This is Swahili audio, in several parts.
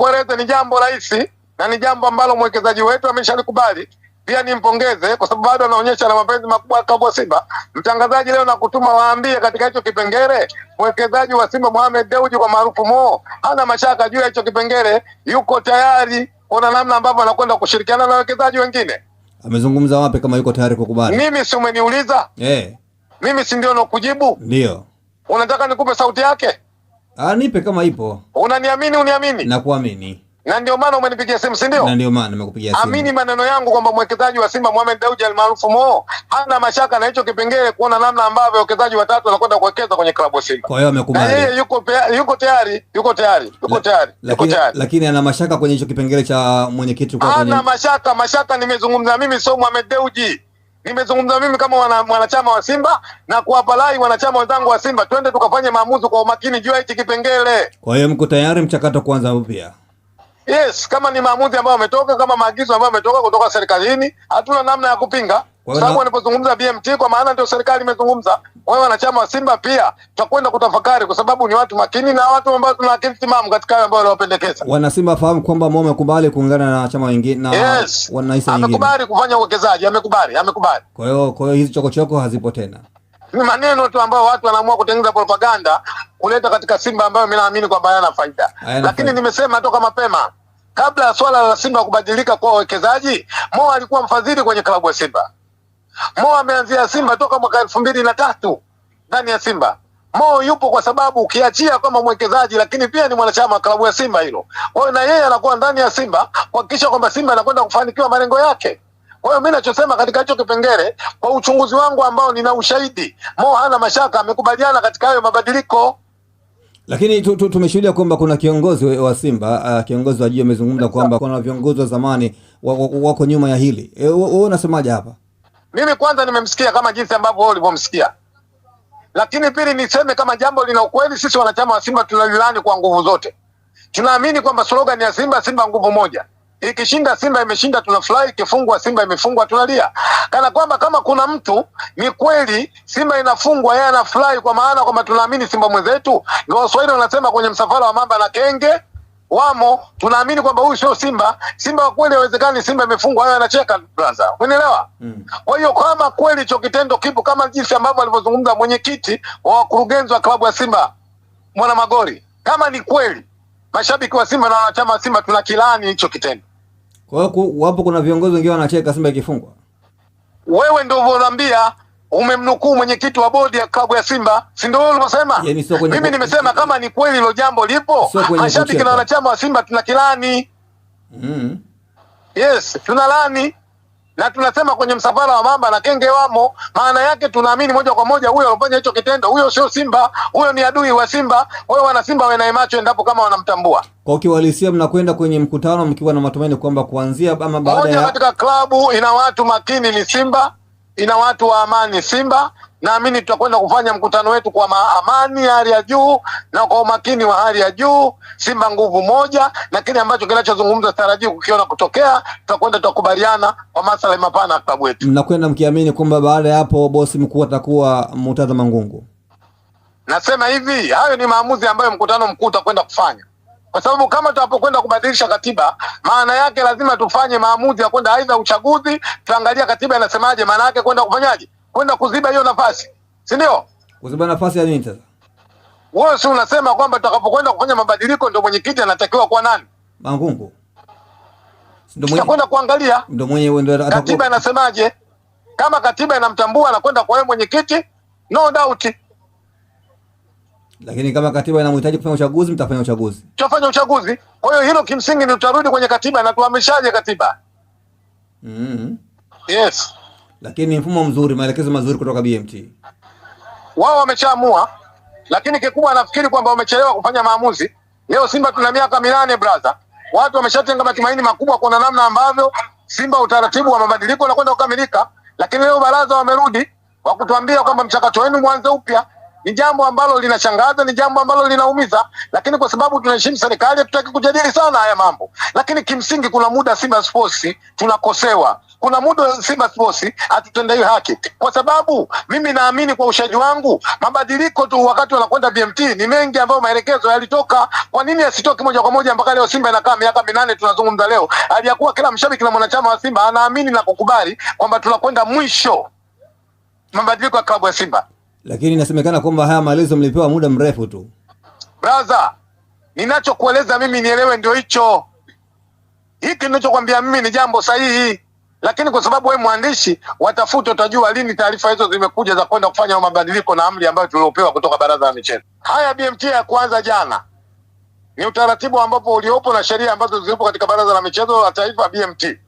nikueleze ni jambo rahisi na ni jambo ambalo mwekezaji wetu ameshalikubali. Pia nimpongeze kwa sababu bado anaonyesha na mapenzi makubwa kwa Simba. Mtangazaji, leo nakutuma waambie katika hicho kipengele, mwekezaji wa Simba Mohamed Dewji kwa maarufu Mo hana mashaka juu ya hicho kipengele, yuko tayari kuna namna ambavyo anakwenda kushirikiana na wawekezaji wengine. Amezungumza wapi kama yuko tayari kukubali? Mimi si umeniuliza? Eh. Hey. Mimi si ndio nakujibu? Ndio. Unataka nikupe sauti yake? Ah, nipe kama ipo. Unaniamini, uniamini? Nakuamini. Na ndio maana umenipigia simu, si ndio? Na ndio maana nimekupigia simu. Amini maneno yangu kwamba mwekezaji wa Simba Mohamed Dewji almaarufu Mo hana mashaka na hicho kipengele kuona namna ambavyo wawekezaji watatu wanakwenda kuwekeza kwenye klabu ya Simba. Kwa hiyo amekubali. Na eh, yeye yuko tayari, yuko tayari, yuko tayari, yuko tayari. Lakini ana mashaka kwenye hicho kipengele cha mwenyekiti kwa kwenye. Ana mashaka, mashaka nimezungumza mimi sio Mohamed Dewji. Nimezungumza mimi kama wana, wanachama wa Simba na kuwapalai wanachama wenzangu wa Simba, twende tukafanye maamuzi kwa umakini juu ya hichi kipengele. Kwa hiyo mko tayari mchakato kuanza upya? Yes, kama ni maamuzi ambayo ametoka, kama maagizo ambayo ametoka kutoka serikalini, hatuna namna ya kupinga sababu wanapozungumza BMT kwa maana ndio serikali imezungumza. Wao wanachama wa Simba pia tutakwenda kutafakari, kwa sababu ni watu makini na watu ambao tuna akili timamu katika hayo ambayo wanawapendekeza. Wana Simba fahamu kwamba Mo amekubali kuungana na chama wengine na yes, wanaisa wengine amekubali kufanya uwekezaji, amekubali, amekubali. Kwa hiyo kwa hiyo hizi chokochoko hazipo tena, ni maneno tu ambayo watu wanaamua kutengeneza propaganda kuleta katika Simba ambayo mimi naamini kwamba hayana faida, lakini nimesema toka mapema kabla ya swala la Simba kubadilika kuwa wawekezaji, Mo alikuwa mfadhili kwenye klabu ya Simba. Mo ameanzia Simba toka mwaka elfu mbili na tatu ndani ya Simba. Mo yupo kwa sababu ukiachia kama mwekezaji, lakini pia ni mwanachama wa klabu ya Simba hilo. Kwa hiyo na yeye anakuwa ndani ya Simba kuhakikisha kwamba Simba anakwenda kufanikiwa malengo yake. Kwa hiyo mi nachosema katika hicho kipengele, kwa uchunguzi wangu ambao nina ushahidi, Mo hana mashaka, amekubaliana katika hayo mabadiliko. Lakini tumeshuhudia kwamba kuna kiongozi wa Simba uh, kiongozi wa juu amezungumza kwamba kuna viongozi wa zamani wako nyuma ya hili. Eh, wewe unasemaje hapa? Mimi kwanza nimemsikia kama jinsi ambavyo wewe ulivyomsikia, lakini pili niseme kama jambo lina ukweli. Sisi wanachama wa Simba tunalilani kwa nguvu zote. Tunaamini kwamba slogan ya Simba, Simba nguvu moja, ikishinda Simba imeshinda, tunafurahi. Ikifungwa Simba imefungwa, tunalia, kana kwamba kama kuna mtu ni kweli Simba inafungwa, yeye anafurahi, kwa maana kwamba tunaamini Simba mwenzetu. Ndio Waswahili wanasema kwenye msafara wa mamba na kenge wamo, tunaamini kwamba huyu sio Simba. Simba wa kweli hawezekani, Simba imefungwa, hayo anacheka brother, umeelewa? Mm. Kwa hiyo kama kweli hicho kitendo kipo, kama jinsi ambavyo alivyozungumza mwenyekiti wa wakurugenzi wa klabu ya Simba Mwana Magori, kama ni kweli, mashabiki wa Simba na wanachama wa Simba kilani hicho kitendo. Kwa hiyo wapo kuna viongozi wengine wanacheka Simba ikifungwa, wewe ndio unaambia umemnukuu mwenyekiti wa bodi ya klabu ya Simba, si ndio wewe ulivyosema? Mimi kwenye... nimesema kama ni kweli hilo jambo lipo, mashabiki na wanachama wa Simba tunakilani. mm mm-hmm. Yes, tuna lani na tunasema kwenye msafara wa mamba na kenge wamo. Maana yake tunaamini moja kwa moja huyo alofanya hicho kitendo, huyo sio Simba, huyo ni adui wa Simba. Wao wana Simba wenaye macho endapo kama wanamtambua kwa ukiwalisia. Mnakwenda kwenye mkutano mkiwa na matumaini kwamba kuanzia ama baada ya katika klabu ina watu makini ni Simba ina watu wa amani Simba. Naamini tutakwenda kufanya mkutano wetu kwa amani ya hali ya juu na kwa umakini wa hali ya juu. Simba nguvu moja, na kile ambacho kinachozungumza tarajii kukiona kutokea, tutakwenda tutakubaliana kwa maslahi mapana ya klabu yetu. Mnakwenda mkiamini kwamba baada ya hapo bosi mkuu atakuwa Murtaza ngungu Nasema hivi, hayo ni maamuzi ambayo mkutano mkuu utakwenda kufanya kwa sababu kama tunapokwenda kubadilisha katiba, maana yake lazima tufanye maamuzi ya kwenda aidha uchaguzi, tuangalia katiba inasemaje, maana yake kwenda kufanyaje, kwenda kuziba hiyo nafasi, si ndio? Kuziba nafasi ya nini sasa? Wewe si unasema kwamba tutakapokwenda kufanya mabadiliko ndio mwenyekiti anatakiwa kuwa nani? Mangungu ndio mwenye kwenda kuangalia ndio mwenye ndio katiba inasemaje. Kama katiba inamtambua na kwenda kwa yeye mwenyekiti, no doubt lakini kama katiba inamhitaji kufanya uchaguzi, mtafanya uchaguzi, tutafanya uchaguzi. Kwa hiyo hilo kimsingi ni tutarudi kwenye katiba na tuhamishaje katiba. mm -hmm. Yes, lakini mfumo mzuri, maelekezo mazuri kutoka BMT. Wao wameshaamua, lakini kikubwa nafikiri kwamba wamechelewa kufanya maamuzi. Leo Simba tuna miaka minane brother, watu wameshatenga matumaini makubwa kuona namna ambavyo Simba utaratibu wa mabadiliko unakwenda kukamilika, lakini leo baraza wamerudi wakutuambia kwamba mchakato wenu mwanze upya ni jambo ambalo linashangaza, ni jambo ambalo linaumiza, lakini kwa sababu tunaheshimu serikali hatutaki kujadili sana haya mambo. Lakini kimsingi, kuna muda Simba Sports tunakosewa, kuna muda Simba Sports hatutendewi haki, kwa sababu mimi naamini kwa ushaji wangu mabadiliko tu wakati wanakwenda BMT ni mengi ambayo maelekezo yalitoka. Kwa nini yasitoke moja kwa moja mpaka leo? Simba inakaa miaka minane tunazungumza leo, aliyakuwa kila mshabiki na mwanachama wa Simba anaamini na kukubali kwamba tunakwenda mwisho mabadiliko ya klabu ya Simba lakini inasemekana kwamba haya maelezo mlipewa muda mrefu tu. Braza, ninachokueleza mimi nielewe ndio hicho. Hiki ninachokwambia mimi ni jambo sahihi, lakini kwa sababu wewe mwandishi, watafuta utajua lini taarifa hizo zimekuja za kwenda kufanya mabadiliko na amri ambayo tuliopewa kutoka Baraza la Michezo. Haya BMT ya kwanza jana ni utaratibu ambapo uliopo na sheria ambazo zilipo katika Baraza la Michezo la Taifa BMT.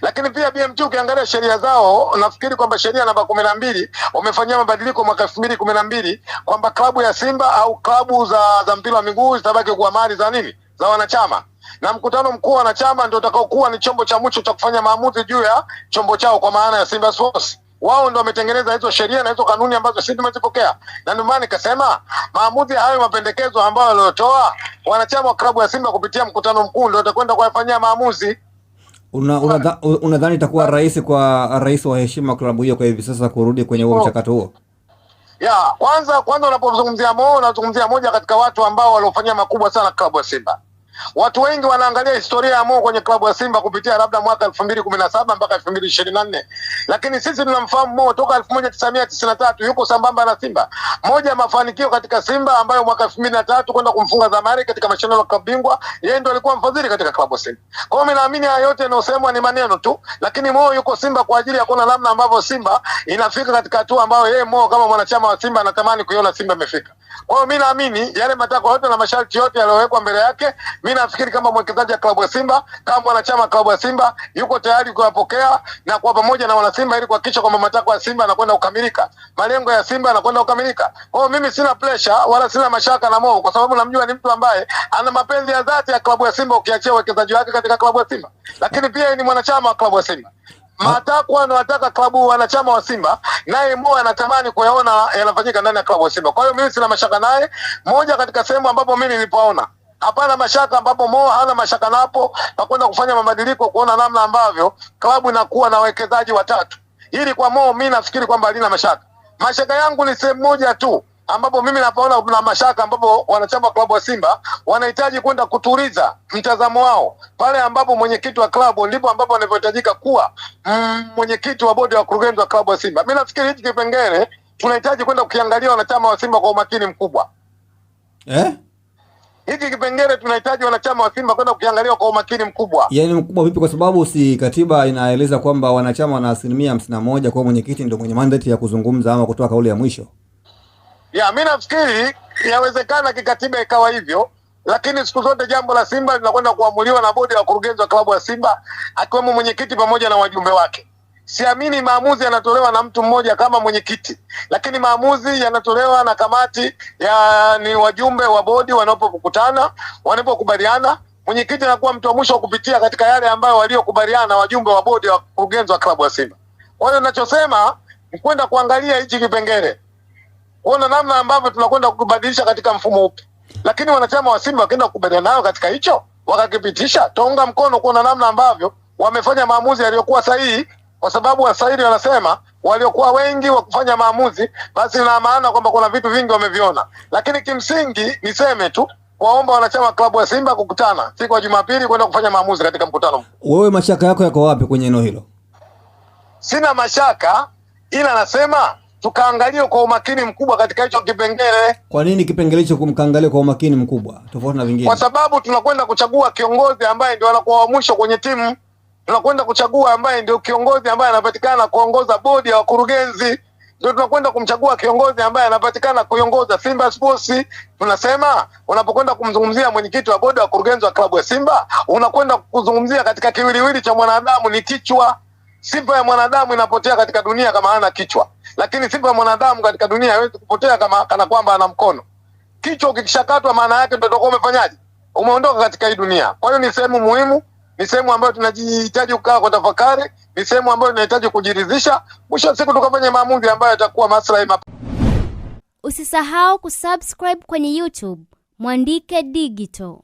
Lakini pia BMT ukiangalia sheria zao, nafikiri kwamba sheria namba kumi na mbili wamefanyia mabadiliko mwaka elfu mbili kumi na mbili kwamba klabu ya Simba au klabu za, za mpira wa miguu zitabaki kuwa mali za nini za wanachama na mkutano mkuu wa wanachama ndio utakaokuwa ni chombo cha mwisho cha kufanya maamuzi juu ya chombo chao, kwa maana ya Simba Sports. Wao ndio wametengeneza hizo sheria na hizo kanuni ambazo sisi tumezipokea, na ndio maana nikasema maamuzi hayo, mapendekezo ambayo waliotoa wanachama wa klabu ya Simba kupitia mkutano mkuu ndio utakwenda kuyafanyia maamuzi. Unadhani una, una itakuwa rahisi kwa rais wa heshima klabu hiyo kwa hivi sasa kurudi kwenye huo oh. mchakato huo? Ya, kwanza kwanza unapozungumzia Mo unazungumzia moja katika watu ambao waliofanyia makubwa sana klabu ya Simba. Watu wengi wanaangalia historia ya Mo kwenye klabu ya Simba kupitia labda mwaka elfu mbili kumi na saba mpaka elfu mbili ishirini na nne lakini sisi tunamfahamu Mo toka elfu moja tisa mia tisini na tatu yuko sambamba na Simba. Moja ya mafanikio katika Simba ambayo mwaka elfu mbili na tatu kwenda kumfunga Zamari katika mashindano ya klabu bingwa, yeye ndo alikuwa mfadhili katika klabu ya Simba. Kwa hiyo naamini haya yote yanayosemwa ni maneno tu, lakini Mo yuko Simba kwa ajili ya kuona namna ambavyo Simba inafika katika hatua ambayo yeye Mo kama mwanachama wa Simba anatamani kuiona Simba imefika. Kwa hiyo mi naamini yale matakwa yote na masharti yote yaliyowekwa mbele yake mi nafikiri kama mwekezaji wa klabu ya Simba, kama mwanachama klabu ya Simba yuko tayari kuwapokea na kuwa pamoja na wanasimba ili kuhakikisha kwamba matakwa ya Simba yanakwenda kukamilika, malengo ya Simba yanakwenda kukamilika. Kwa hiyo mimi sina pressure wala sina mashaka na Mo, kwa sababu namjua ni mtu ambaye ana mapenzi ya dhati ya klabu ya Simba, ukiachia uwekezaji wake katika klabu ya Simba, lakini pia ni mwanachama wa klabu ya Simba matakwa anawataka klabu wanachama wa Simba, naye Mo anatamani kuyaona yanafanyika ndani ya klabu ya Simba. Kwa hiyo mimi sina mashaka naye. Moja katika sehemu ambapo mimi nilipoona hapana mashaka, ambapo Mo hana mashaka napo na kwenda kufanya mabadiliko, kuona namna ambavyo klabu inakuwa na wawekezaji watatu. Hili kwa Mo mi nafikiri kwamba halina mashaka. Mashaka yangu ni sehemu moja tu ambapo mimi napaona kuna mashaka, ambapo wanachama wa klabu wa Simba wanahitaji kwenda kutuliza mtazamo wao pale ambapo mwenyekiti wa klabu, ndipo ambapo wanavyohitajika kuwa mm, mwenyekiti wa bodi ya wakurugenzi wa klabu ya Simba. Mimi nafikiri hichi kipengele tunahitaji kwenda kukiangalia wanachama wa Simba kwa umakini mkubwa eh? hiki kipengele tunahitaji wanachama wa Simba kwenda kukiangalia kwa umakini mkubwa. Yaani mkubwa vipi? Kwa sababu si katiba inaeleza kwamba wanachama wana asilimia hamsini na moja kwa mwenyekiti ndio mwenye mandate ya kuzungumza ama kutoa kauli ya mwisho. Ya, mi nafikiri yawezekana kikatiba ikawa hivyo, lakini siku zote jambo la Simba linakwenda kuamuliwa na bodi ya wakurugenzi wa klabu ya Simba akiwemo mwenyekiti pamoja na wajumbe wake. Siamini maamuzi yanatolewa na mtu mmoja kama mwenyekiti, lakini maamuzi yanatolewa na kamati ya ni wajumbe wa bodi wanapokutana, wanapokubaliana mwenyekiti anakuwa mtu wa mwisho wa kupitia katika yale ambayo waliokubaliana wajumbe wa bodi wa kurugenzi wa klabu ya Simba. Kwa hiyo ninachosema ni kwenda kuangalia hichi kipengele, kuona namna ambavyo tunakwenda kubadilisha katika mfumo upi, lakini wanachama wa Simba wakienda kukubaliana nayo katika hicho wakakipitisha, taunga mkono kuona namna ambavyo wamefanya maamuzi yaliyokuwa sahihi kwa sababu washairi wanasema waliokuwa wengi wa kufanya maamuzi, basi ina maana kwamba kuna vitu vingi wameviona. Lakini kimsingi niseme tu waomba wanachama klabu ya Simba kukutana siku ya Jumapili kwenda kufanya maamuzi katika mkutano. Wewe mashaka yako yako wapi kwenye eneo hilo? Sina mashaka, ila nasema tukaangalie kwa umakini mkubwa katika hicho kipengele. Kwa nini kipengele hicho kumkaangalia kwa umakini mkubwa tofauti na vingine? Kwa sababu tunakwenda kuchagua kiongozi ambaye ndio anakuwa wa mwisho kwenye timu tunakwenda kuchagua ambaye ndio kiongozi ambaye anapatikana kuongoza bodi ya wakurugenzi, ndio tunakwenda kumchagua kiongozi ambaye anapatikana kuiongoza Simba Sports. Tunasema unapokwenda kumzungumzia mwenyekiti wa bodi ya wakurugenzi wa klabu ya Simba, unakwenda kuzungumzia katika kiwiliwili cha mwanadamu ni kichwa. Sifa ya mwanadamu inapotea katika dunia kama hana kichwa, lakini sifa ya mwanadamu katika dunia haiwezi kupotea kama kana kwamba ana mkono. Kichwa ukikishakatwa, maana yake ndio utakuwa umefanyaje? Umeondoka katika hii dunia. Kwa hiyo ni sehemu muhimu ni sehemu ambayo tunajihitaji kukaa kwa tafakari, ni sehemu ambayo tunahitaji kujiridhisha, mwisho wa siku tukafanya maamuzi ambayo yatakuwa maslahi Usisahau kusubscribe kwenye YouTube Mwandike Digital.